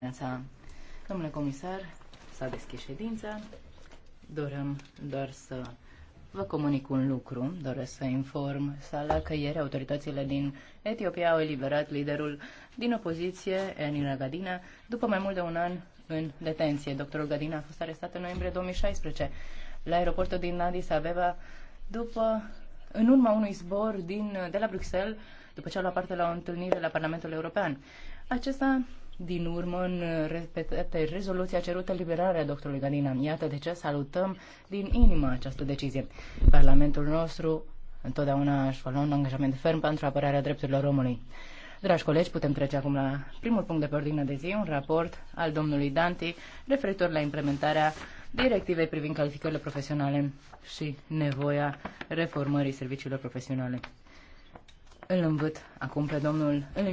dimineața. Domnule comisar, s-a deschis ședința. Dorăm doar să vă comunic un lucru. Doresc să inform sala că ieri autoritățile din Etiopia au eliberat liderul din opoziție, Enira Gadina, după mai mult de un an în detenție. Doctorul Gadina a fost arestat în noiembrie 2016 la aeroportul din Addis Abeba după, în urma unui zbor din, de la Bruxelles, după ce a luat parte la o întâlnire la Parlamentul European. Acesta din urmă în repetate rezoluția cerută liberarea doctorului Galina. Iată de ce salutăm din inimă această decizie. Parlamentul nostru întotdeauna își va lua un angajament ferm pentru apărarea drepturilor omului. Dragi colegi, putem trece acum la primul punct de pe ordinea de zi, un raport al domnului Danti referitor la implementarea directivei privind calificările profesionale și nevoia reformării serviciilor profesionale. Îl învăț acum pe domnul